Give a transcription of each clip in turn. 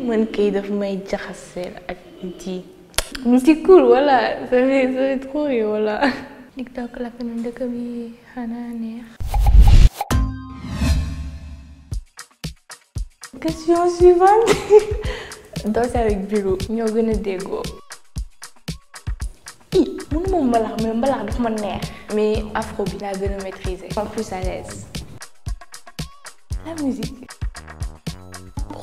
man kay daf may jaxaseel ak ji. mu si cool voilà ça fait ça fait trop rire voilà. TikTok la de cami, bi xanaa neex. question suivante. Danser avec Birou ñoo gën a déggoo. i mënu ma mbalax mais mbalax dafa ma neex. mais afro bi laa maîtriser. en plus à l'aise. la musique.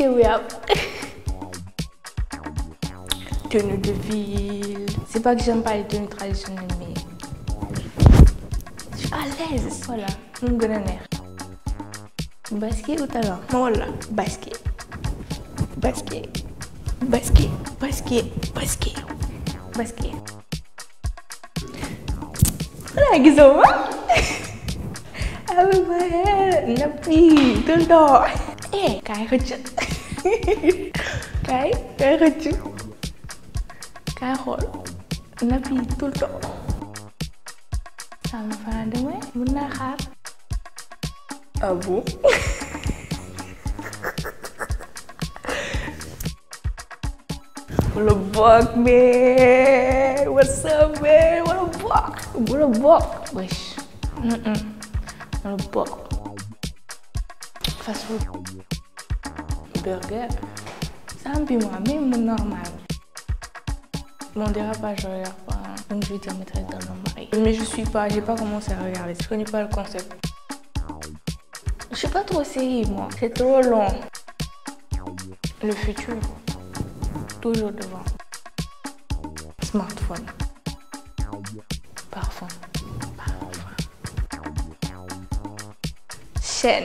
Ok, oui Tenue de ville. C'est pas que j'aime pas les tenues traditionnelles, mais je suis à l'aise. Voilà, mon grand Basket ou talent Voilà, basket. Basket. Basket. Basket. Basket. Basket. Voilà, Gizoma. Hein? Ah ouais, La nappy, tout le temps. 哎，该喝酒，该该喝酒，该喝了，那比多多。sama Fana Demai, Bunda kan? Abu. Lebok, be. What's up, be? Lebok. Lebok. Wesh. Mm -mm. Lebok. que burger c'est un peu moi même normal mon dérapage je regarde pas donc hein. je vais dire maîtresse dans le mari. mais je suis pas j'ai pas commencé à regarder je connais pas le concept je suis pas trop série moi c'est trop long le futur toujours devant smartphone parfum parfum chaîne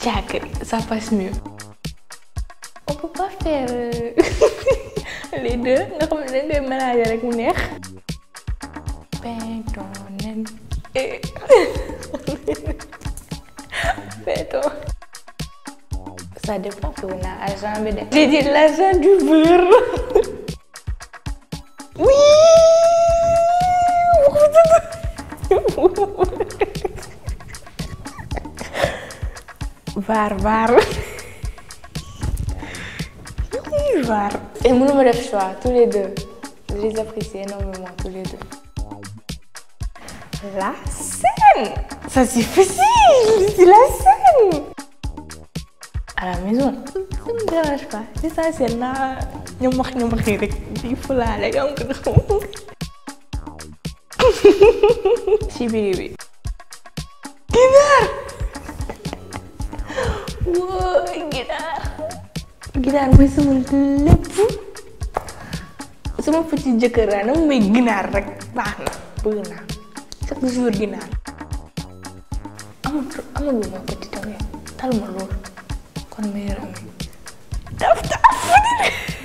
Tchakri, ça passe mieux. On peut pas faire euh, les deux, On deux ne avec mon avec rek Pétonen. Péton. Ça dépend que on a l'argent bi J'ai dit l'agent du beurre. oui. waar et nous choix tous les deux je les apprécie énormément tous les deux. la scène. ça c'est facile c'est la scène. à la maison. ça me dérange pas C'est ça. wóoy ginaar ginaar mooy sama lépp sama petit jëkkër laa nag may ginaar rek baax na bëgg naa chaque jour ginaar amatu amaluma petit tamit taluma loolu kon may rami daf